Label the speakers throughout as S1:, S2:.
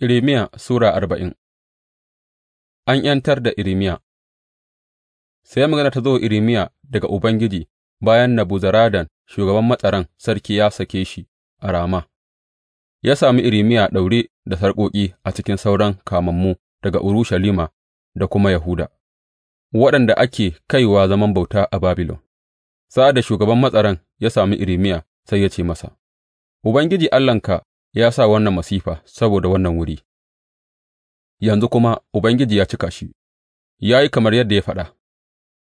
S1: Irmiya Sura arba'in An ’yantar da Irmiya Sai magana ta zo wa Irmiya daga Ubangiji bayan Nebuzaradan shugaban matsaran sarki ya sake shi a Rama, ya sami Irmiya daure da sarƙoƙi a cikin sauran kamammu daga Urushalima da kuma Yahuda, waɗanda ake kaiwa zaman bauta a Babilon. Sa'ad da shugaban matsaran ya sami Irmiya sai ya ce masa, Ubangiji Allahnka. ya sa wannan masifa saboda wannan wuri, yanzu kuma Ubangiji ya cika shi, ya yi kamar yadda ya faɗa,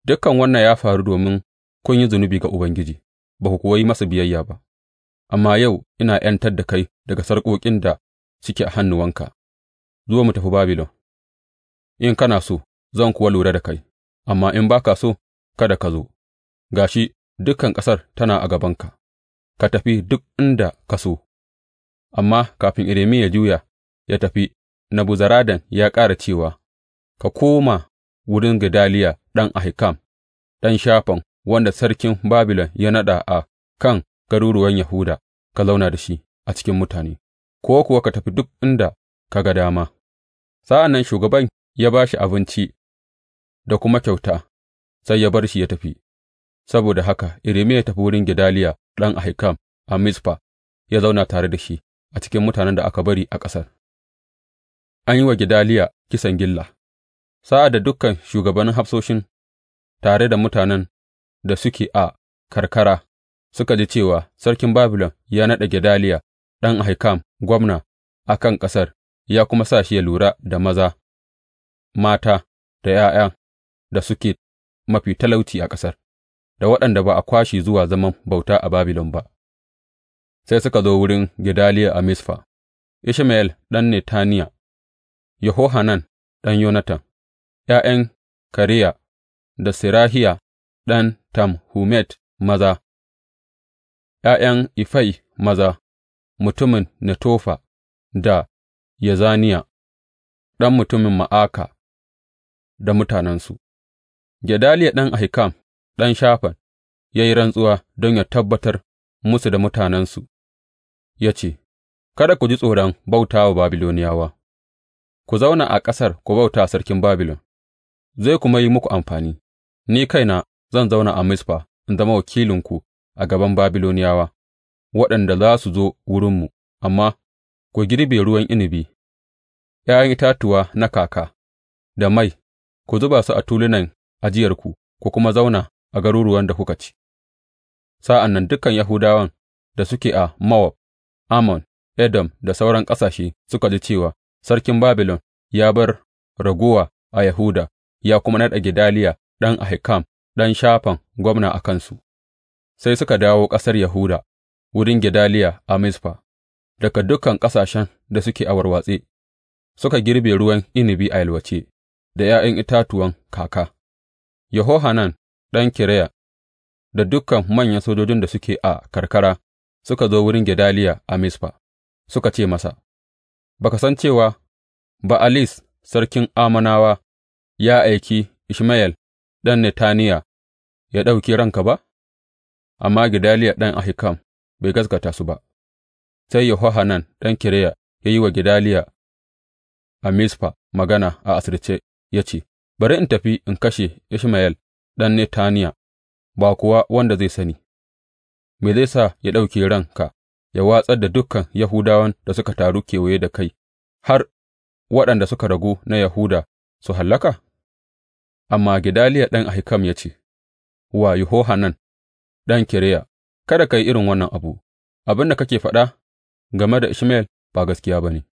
S1: dukan wannan ya faru domin kun yi zunubi ga Ubangiji, ba ku kuwa yi masa biyayya ba, amma yau ina ’yantar da kai daga sarƙoƙin da suke a hannuwanka, Zuwa mu tafi Babilon, in kana so, zan kuwa lura da kai, amma in ba ka so, kada ka zo, ga shi dukan ƙasar tana a gabanka, ka tafi duk inda ka so. amma kafin Irmiya ya juya ya tafi, Nebuzaradan ya ƙara cewa, Ka koma wurin Gedaliya ɗan Ahikam, ɗan Shafan, wanda sarkin Babilon ya naɗa a kan garuruwan Yahuda, ka zauna da shi a cikin mutane, ko kuwa ka tafi duk inda ka ga dama. Sa'an nan shugaban ya ba shi abinci da kuma kyauta, sai ya bar shi ya tafi. Saboda haka, Irmiya ya tafi wurin Gedaliya ɗan Ahikam a Mizfa ya zauna tare da shi. a cikin mutanen da aka bari a ƙasar. An yi wa Gedaliya kisan gilla Sa'ad da dukan shugabannin hafsoshin tare da mutanen da suke a karkara suka ji cewa sarkin Babilon ya naɗa Gedaliya ɗan Ahikam gwamna a kan ƙasar, ya kuma sa shi ya lura da maza, mata da ’ya'ya da suke mafi talauci a ƙasar, da waɗanda ba a kwashe zuwa zaman bauta a Babilon ba. sai suka zo wurin Gedaliya a Mizfa, Ishmayel ɗan Netaniya, Yohanan ɗan Yonatan, ’ya'yan Kariya da Serahiya ɗan Tamhumet maza, ’ya'yan Ifai maza, mutumin Netofa da Yazaniya, ɗan mutumin Ma'aka da mutanensu. Gedaliya ɗan Ahikam, ɗan Shafan, ya yi rantsuwa don yă tabbatar musu da mutanensu. ya ce, Kada ku ji tsoron bauta wa Babiloniyawa, ku zauna a ƙasar ku bauta wa sarkin Babilon, zai kuma yi muku amfani, ni kaina zan zauna a mispa in zama wakilinku a gaban Babiloniyawa, waɗanda za su zo wurinmu, amma ku girbe ruwan inibi ’ya'yan itatuwa na kaka, da mai, ku zuba su a tulunan ajiyarku, ku kuma zauna a garuruwan da kuka ci. Sa'an nan dukan Yahudawan da suke a Mawab. Ammon, Edom da sauran ƙasashe suka ji cewa sarkin Babilon ya bar raguwa a Yahuda ya kuma naɗa Gedaliya ɗan Ahikam, ɗan Shafan gwamna a kansu, sai suka dawo ƙasar Yahuda wurin Gedaliya a Mizfa daga dukan ƙasashen da suke a warwatse, suka girbe ruwan inibi a yalwace da ’ya'yan itatuwan kaka. Yehohanan ɗan Kareya da dukan manyan sojojin da suke a karkara suka zo wurin Gedaliya a Mizfa suka ce masa, Ba ka san cewa Ba'alis sarkin Ammonawa ya aiki Ishmayel ɗan Netaniya ya ɗauki ranka ba? Amma Gedaliya ɗan Ahikam bai gaskata su ba, sai Yohanan ɗan Kireya ya yi wa Gedaliya a Mizfa magana a asirce ya ce, Bari in tafi in kashe Ishmayel ɗan Netaniya, ba kuwa wanda zai sani. me zai sa ya ɗauke ranka ya watsar da dukan Yahudawan da suka taru kewaye da kai har waɗanda suka ragu na Yahuda su hallaka? Amma Gedaliya ɗan Ahikam ya ce wa Yohanan ɗan Kireya, Kada ka yi irin wannan abu, abin da kake faɗa game da Ishmayel ba gaskiya ba ne.